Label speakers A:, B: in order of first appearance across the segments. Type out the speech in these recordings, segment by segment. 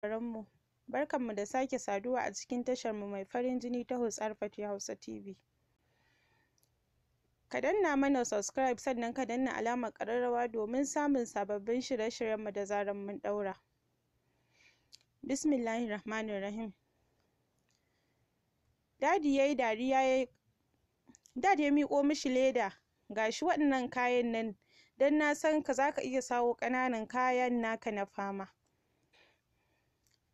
A: sauraronmu, barkanmu da sake saduwa a cikin tasharmu mai farin jini ta Fati Hausa TV. Ka danna mana subscribe sannan ka danna alamar ƙararrawa domin samun sababbin shirye-shiryenmu da zarar mun ɗaura. Bismillahirrahmanirrahim. Dadi ya yi dariya ya Dad ya miƙo mishi leda, ga shi waɗannan kayan nan, don na san ka za ka iya sawo ƙananan kayan naka na fama.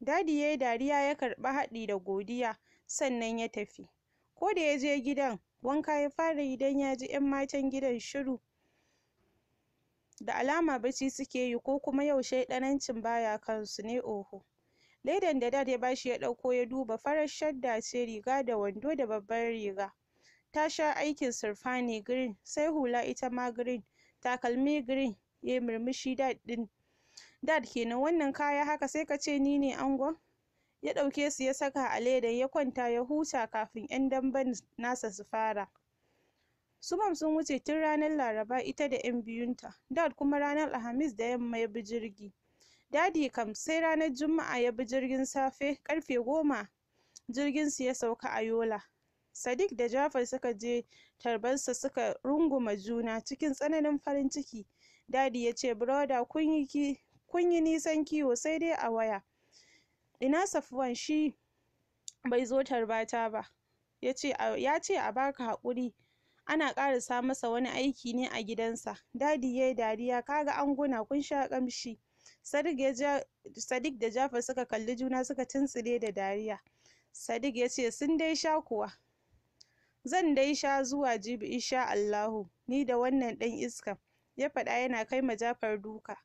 A: Dadi ya yi dariya ya karɓi haɗi da godiya, sannan ya tafi. Ko da ya je gidan, wanka ya fara yi ya ji 'yan matan gidan shiru. Da alama bacci suke yi ko kuma yaushe shaiɗanancin baya kansu ne oho. Ledan da Dad ya bashi ya ɗauko ya duba farar shadda ce riga da wando da babbar riga. Ta sha aikin sirfani green, sai hula ita ma green, takalmi green, ya murmushi Dad ɗin Dad kenan wannan kaya haka sai ka ce ni ne angon? Ya ɗauke su ya saka a ledan ya kwanta ya huta kafin 'yan damben nasa su fara. Mam sun wuce tun ranar Laraba ita da 'yan biyunta, Dad kuma ranar Alhamis da yamma ya bi jirgi. Dadi kam sai ranar Juma'a ya bi jirgin safe karfe goma jirgin su ya sauka a Yola. Sadiq da Jafar suka je tarbarsa suka runguma juna cikin tsananin farin ciki. Dadi ya ce, "Broda, kun yi kun yi nisan kiwo sai dai a waya ina safwan shi bai zo tarbata ba ya ce a baka haƙuri ana ƙarasa masa wani aiki ne a gidansa dadi yi dariya kaga anguna kun sha ƙamshi sadiq da jafar suka kalli juna suka tuntsire da dariya sadiq ya ce sun dai sha kuwa zan dai sha zuwa jibi insha allahu ni da wannan ɗan iska. ya faɗa yana kai ma jafar duka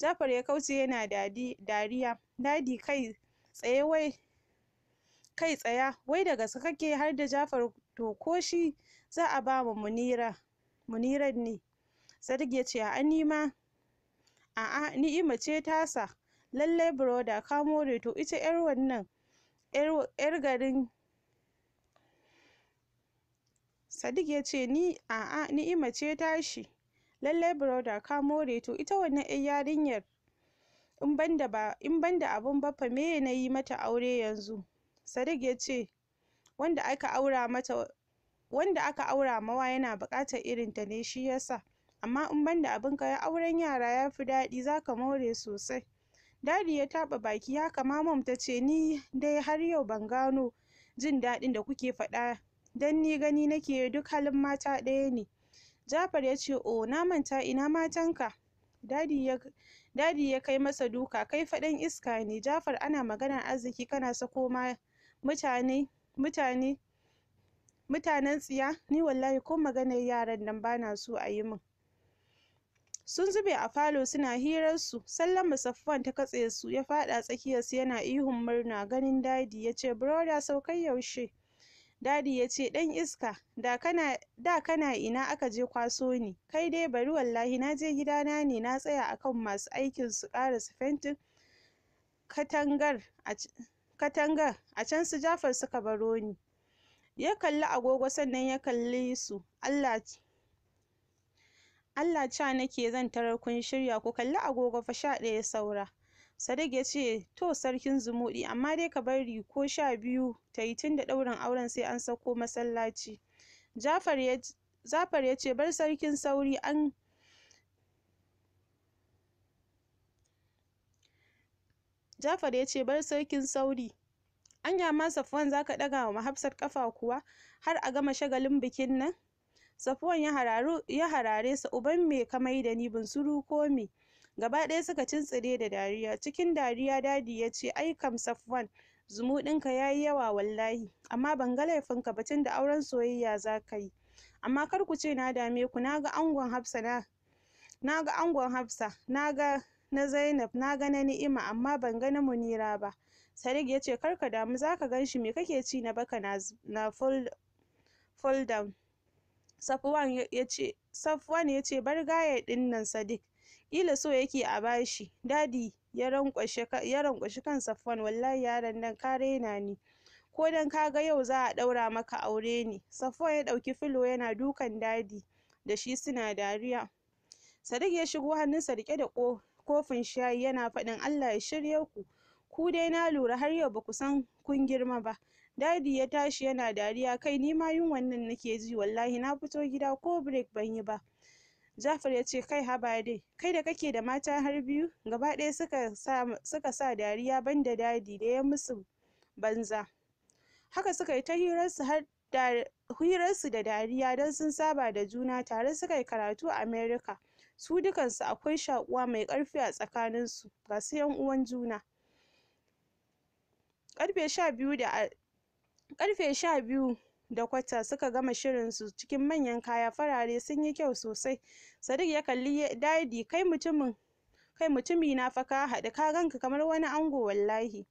A: Jafar ya kauce yana dariya. Dadi kai tsaye wai kai tsaya wai daga sakake kake har da Jafar to ko shi za a ba wa Munira Munirar ne Sadiq ya ce a ni ma a'a ni'ima ce tasa lallai broda ka more to ita yar wannan yar garin Sadiq ya ce ni a'a ni'ima ce tashi lallai brother ka more to ita wannan 'yar yarinyar in banda ba in banda abun fa meye na yi mata aure yanzu Sadiq ya ce wanda aka aura mata wanda aka aura mawa yana buƙatar irin ta ne shi yasa amma in banda abin ka auren yara ya fi daɗi za ka more sosai dadi ya taɓa baki haka ma ta ce ni dai har yau ban gano jin daɗin da kuke faɗa don ni gani nake duk halin mata ɗaya ne Jafar ya ce 'O oh, na manta ina matanka?” Dadi ya kai masa duka “Kai fa iska ne, Jafar ana maganar arziki, kana sako mutanen tsiya, ni wallahi ko maganar yaran nan bana na so a yi min.” Sun zube a falo suna hirarsu, Sallan Safwan ta katse su, ya faɗa tsakiyarsu yana ihun murna, ganin Dadi, ya ce sau kai yaushe?” Dadi ya ce, "Ɗan iska, da kana ina aka je kwaso ni, kai dai bari wallahi na je gidana ne na tsaya akan masu aikin su su fentin katangar, a can su Jafar suka baro ni." Ya kalli agogo sannan ya kalli su, "Allah ca nake zan tarar kun shirya, ku kalli agogo fa sha ɗaya saura." Sadiq ya ce, "To sarkin zumuɗi, amma dai ka bari ko sha biyu ta yi tun da ɗaurin auren sai an sauko masallaci." Jafar ya ce, "Bar sarkin sauri, an Jafar ya ce, "Bar sarkin sauri." Anya ma Safwan za ka ɗaga wa Hafsat ƙafa kuwa har a gama shagalin bikin nan? Safwan ya harare sa uban me ka mai da ni bunsuru ko me? Gaba ɗaya suka tuntsire da dariya. Cikin dariya Dadi ya ce, "Ai kam Safwan, zumuɗinka ya yi yawa wallahi, amma ban ga laifinka ba da auren soyayya za ka yi. Amma kar ku ce na dame ku, na ga angon Hafsa na na ga angon Hafsa, na na Zainab, na ga na Ni'ima, amma ban ga na Munira ba." Sadiq ya ce, "Kar ka damu, za ka gan shi me kake ci na baka na, na full, Safwan ya ce, Safwan ya "Bar gaya ɗin nan Sadiq, ƙila so yake a bashi, Dadi ya ranƙwashi kan Safwan, wallahi yaron nan ka raina ni, ko dan ka ga yau za a ɗaura maka aure ne. Safwan ya ɗauki filo yana dukan Dadi da shi suna dariya. Sadiq ya shigo hannunsa riƙe da kofin shayi yana faɗin Allah ya shirye ku. Ku dai na lura har yau ba ku san kun girma ba. Dadi ya tashi yana dariya kai ni ma wannan nake ji wallahi na fito gida ko break ban yi ba. Jafar ya ce kai haba dai, kai da kake da mata har biyu, gaba ɗaya suka sa dariya banda dadi da ya musu banza. Haka suka yi ta hirarsu har hirarsu da dariya don sun saba da juna tare suka yi karatu a Amerika. Su dukansu akwai shakuwa mai ƙarfi a tsakaninsu, ga su ‘yan uwan juna. Ƙarfe sha biyu da Ƙarfe sha biyu da kwata suka gama shirinsu cikin manyan kaya farare sun yi kyau sosai sadiq ya kalli dadi kai mutumin kai mutumi na fa ka haɗu ka ganka kamar wani ango wallahi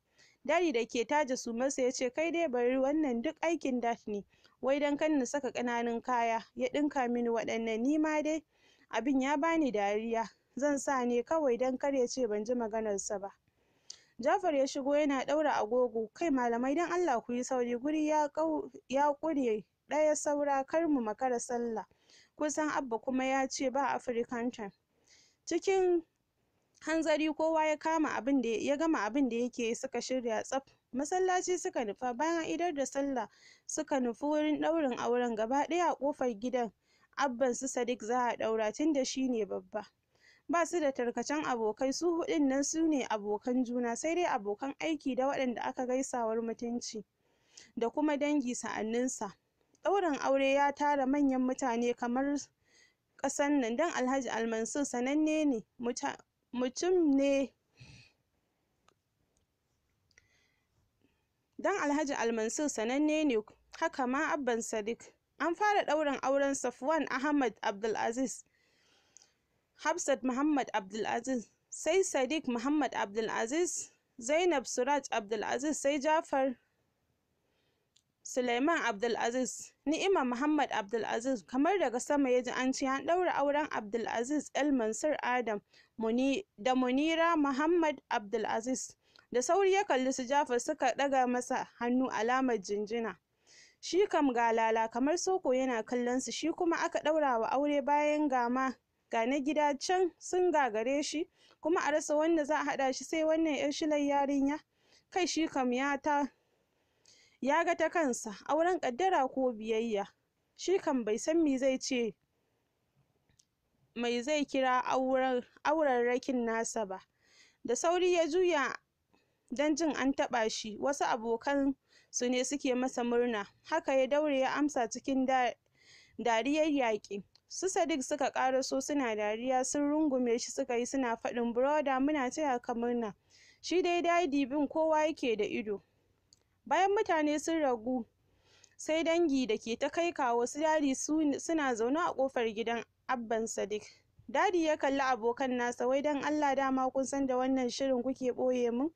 A: dadi da ke taje sumarsa ya ce kai dai bari wannan duk aikin dat ne wai dan kan na saka ƙananun kaya ya ɗinka mini waɗannan ni ma dai abin ya bani dariya zan sa ne kawai dan kar ya ce ban ji maganarsa ba Jafar ya shigo yana ɗaura agogo, "Kai malamai don Allah ku yi sauri, guri ya ƙure ɗaya saura kar mu makara sallah, kusan Abba kuma ya ce ba African time." Cikin hanzari kowa ya gama abin da yake yi suka shirya tsaf masallaci suka nufa bayan idar da sallah suka nufi wurin ɗaurin auren gaba ɗaya a ƙofar gidan abban su Sadiq za a ɗaura tunda shi ne babba ba su da tarkacen abokai su huɗun nan su ne abokan juna sai dai abokan aiki da waɗanda aka gaisawar mutunci da kuma dangi sa'anninsa ɗaurin aure ya tara manyan mutane kamar ƙasan nan don alhaji almansur sananne ne mutum ne don alhaji almansur sananne ne haka ma abban sadiq an fara ɗaurin auren safwan ahmad abdulaziz Hafsat Muhammad Abdulaziz, sai Sadiq Muhammad Abdulaziz, Zainab Suraj Abdulaziz, sai Jafar Suleiman Abdulaziz, Ni'ima Muhammad Abdulaziz, kamar daga sama ya ji an ce an ɗaura auren Abdulaziz El Mansur Adam da Munira Muhammad Abdulaziz. Da sauri ya kalli su Jafar suka ɗaga masa hannu alamar jinjina. Shi kam ga lala kamar soko yana kallon su shi kuma aka ɗaura wa aure bayan gama ga na gida can sun gagare shi kuma a rasa wanda za a haɗa shi sai wannan 'yar shilan yarinya kai shi kam ya ta ya ga ta kansa auren ƙaddara ko biyayya shi kam bai san me zai ce mai zai kira aurarrakin nasa ba da sauri ya juya don jin an taɓa shi wasu abokan su ne suke masa murna haka ya daure ya amsa cikin dariyar yaƙi su Sadiq suka ƙaraso suna dariya sun rungume shi suka yi suna faɗin broda muna taya ka murna shi dai dadi bin kowa yake da ido bayan mutane sun ragu sai dangi da ke ta kai kawo su dadi suna zaune a ƙofar gidan abban Sadiq dadi ya kalli abokan nasa wai dan Allah dama kun san da wannan shirin kuke ɓoye min?"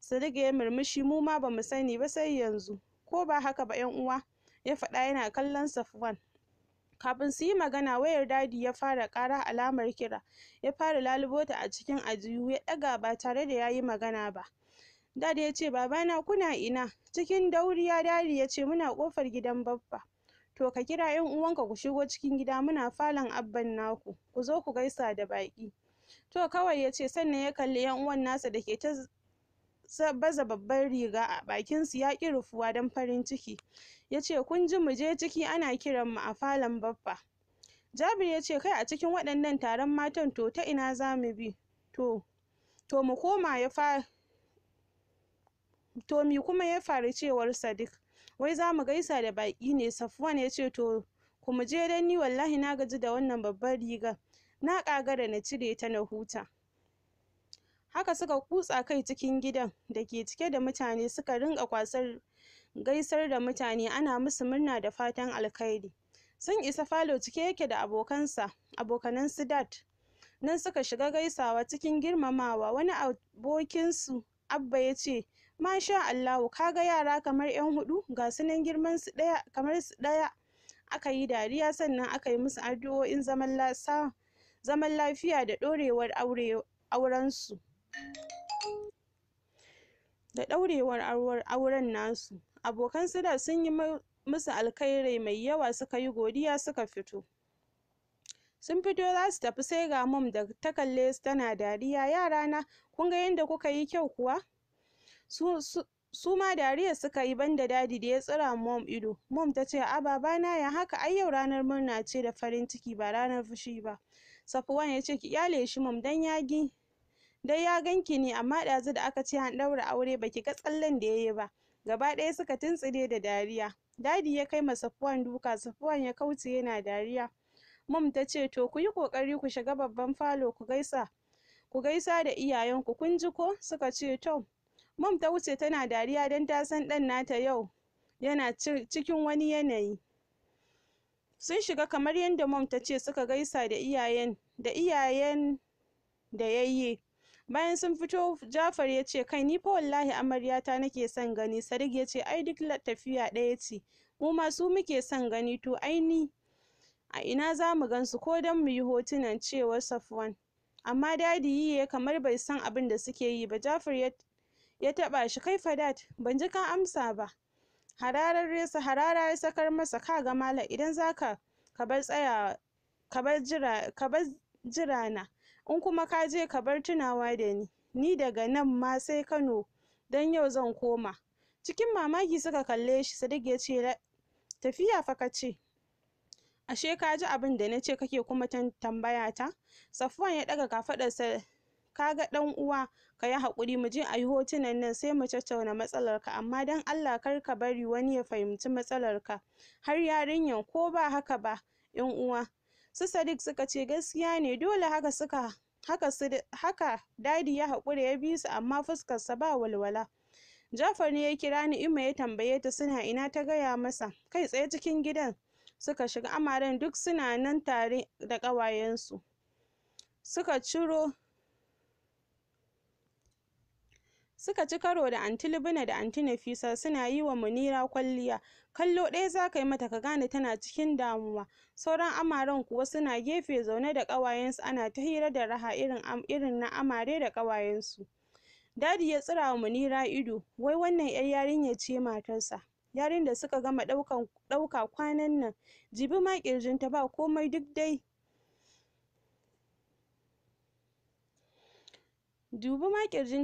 A: Sadiq ya murmushi mu ma bamu sani ba sai yanzu ko ba haka ba 'yan uwa ya faɗa yana kallon Safwan Kafin su yi magana, wayar Dadi ya fara ƙara alamar kira, ya fara lalubo ta a cikin ajiyu, ya ɗaga ba tare da ya yi magana ba. Dad ya ce, Babana kuna ina? Cikin dauri ya Dadi ya ce, muna ƙofar gidan babba." To ka kira 'yan uwanka ku shigo cikin gida muna falon abban naku, ku zo ku gaisa da baƙi. To kawai ya ce sannan ya kalli 'yan uwan nasa da ke ta baza babban riga a bakinsu ya ƙi rufuwa don farin ciki. Ya ce, kun ji mu je ciki ana kiran mu a falon baffa. Jabir ya ce, kai a cikin waɗannan taron matan to ta ina za mu bi? To, to mu koma ya to Tomi kuma ya faru cewar Sadiq, wai za mu gaisa da baƙi ne, Safwan ya ce to ku mu je dan ni wallahi na gaji da wannan babbar rigar, na ƙagara na cire ta na huta. Haka suka kutsa kai cikin gidan da ke cike da mutane suka rinka kwasar gaisar da mutane ana musu murna da fatan alkhairi. Sun isa falo cike yake da abokansa, abokanan su Dad. Nan suka shiga gaisawa cikin girmamawa wani abokinsu Abba ya ce, Masha Allahu, kaga yara kamar 'yan hudu ga su nan girman su daya kamar su daya Aka yi dariya sannan aka yi musu addu'o'in zaman lafiya da ɗorewar aurensu. da ɗaurewar auren nasu abokan Sidat sun yi musu alkhairi mai yawa suka yi godiya suka fito sun fito za su tafi sai ga mum da ta kalle su tana dariya yarana kun ga yadda kuka yi kyau kuwa su ma dariya suka yi banda dadi da ya tsira mom ido mom ta ce a babana ya haka ai yau ranar murna ce da farin ciki ba ranar fushi ba safwan ya ce ki kyale shi mom dan yagi. Dai ya ganki ne amma ɗazu da aka ce an ɗaura aure baki ga tsallen da yayi ba. Gaba ɗaya suka tuntsire da dariya. Dadi ya kai ma Safwan duka, Safwan ya kauce yana dariya. Mum ta ce to ku yi ƙoƙari ku shiga babban falo ku gaisa ku gaisa da iyayenku kun ji ko suka ce to. Mum ta wuce tana dariya don ta san ɗan nata yau yana cikin wani yanayi. Sun shiga kamar yadda mom ta ce suka gaisa da iyayen da iyayen da yayye. Bayan sun fito Jafar ya ce kai ni fa wallahi amaryata nake son gani Sadiq ya ce ai duk tafiya ɗaya ce mu ma su muke son gani to ai ni a ina za mu gansu ko don mu yi hotunan cewar Safwan. Amma dadi yi ya kamar bai san abin da suke yi ba Jafar ya ya taɓa shi kai Fadat ban ji ka amsa ba. Hararar resa harara ya sakar masa ka ga malam idan zaka ka bar tsaya ka bar jira ka bar jira na In kuma ka je ka bar tunawa da ni, ni daga nan ma sai Kano don yau zan koma. Cikin mamaki suka kalle shi, Sadiq ya ce, Tafiya fa ka ce, ashe ka ji abin da na ce kake kuma tambaya ta? Safwan ya ɗaga kafaɗarsa ka ga ɗan uwa ka yi haƙuri mu je a yi hotunan nan sai mu tattauna matsalarka amma don Allah kar ka bari wani ya fahimci matsalarka har yarinyar ko ba haka ba 'yan uwa su sadiq suka ce gaskiya ne dole haka suka haka su haka dadi ya haƙura ya bi su amma fuskarsa ba walwala jafar ne ya kira ni ima ya tambaye ta suna ina ta gaya masa kai tsaye cikin gidan suka shiga amaren duk suna nan tare da ƙawayensu suka ciro suka ci karo da anti da anti nafisa suna yi wa munira kwalliya kallo ɗaya zaka yi mata ka gane tana cikin damuwa sauran amaren kuwa suna gefe zaune da ƙawayensu ana ta hira da raha irin irin na amare da ƙawayensu dadi ya tsira wa munira ido wai wannan yar yarinya ce matarsa yarin da suka gama ɗaukan ɗauka kwanan nan jibi ma ƙirjinta ba komai duk dai dubi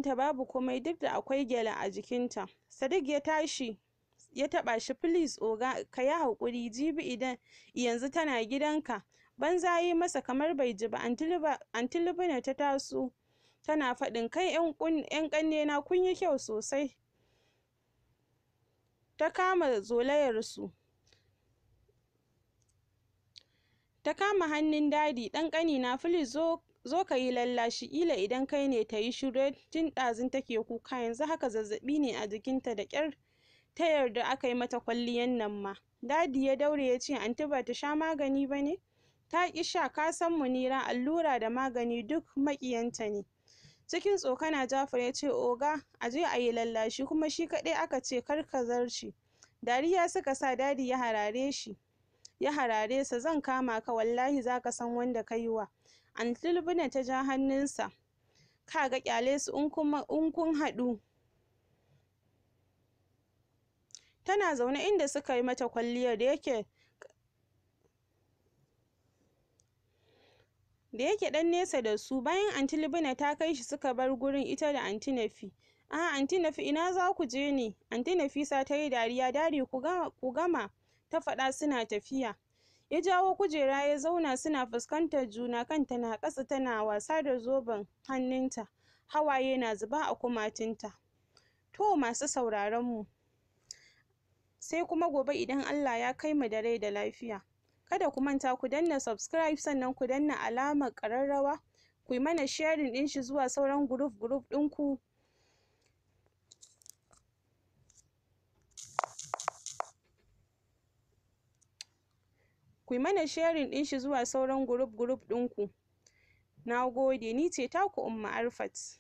A: ma babu komai duk da akwai gyale a jikinta sadiq ya tashi ya taɓa shi "Please oga ka yi haƙuri jibi idan yanzu tana gidanka." Banza yi masa kamar bai ji ba Anty Lubna ta taso tana faɗin "Kai 'yan na kun yi kyau sosai." Ta kama zolayarsu ta kama hannun Dadi ɗan ƙanina "Please zo ka yi lallashi ƙila idan kai ne ta yi shiru" tun ɗazun take kuka yanzu haka zazzaɓi ne a jikinta da ƙyar ta yarda aka yi mata kwalliyan nan ma. Dadi ya daure ya ce, "Anti ba ta sha magani ba ne?" Ta ƙi sha, ka san mu nira, allura da magani duk maƙiyanta ne. Cikin tsokana Jafar ya ce, "Oga, a je a yi lallashi kuma shi kaɗai aka ce kar ka zarci." Dariya suka sa dadi ya harare shi. Ya harare sa, "Zan kama ka wallahi za ka san wanda ka yi wa." Antilbina ta ja hannunsa. Ka ga ƙyale su in kun haɗu tana zaune inda suka yi mata kwalliyar da yake da yake ɗan nesa da su bayan anti Libina ta kai shi suka bar gurin ita da anti Nafi. A'a anti Nafi ina za ku je ne? anti Nafisa ta yi dariya dari ku gama ta faɗa suna tafiya. Ya jawo kujera ya zauna suna fuskantar juna kanta na ƙasa tana wasa da zoben hannunta hawaye na zuba a kumatunta. To masu sauraron mu sai kuma gobe idan Allah ya kai mu da rai da lafiya. Kada ku manta ku danna subscribe sannan ku danna alamar ƙararrawa ku yi mana sharing ɗin shi zuwa sauran group group ɗinku. Ku yi mana sharing ɗin shi zuwa sauran group group ɗinku. Na gode, ni ce taku Umma Arfat.